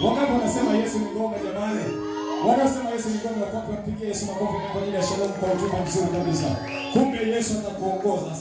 Wakati wanasema Yesu ni Ngoga, jamani, wanasema Yesu ni Ngoga, wakati kumpigia Yesu makofi kwa ajili ya Shalom kwa ujumbe mzuri kabisa. Kumbe Yesu atakuongoza.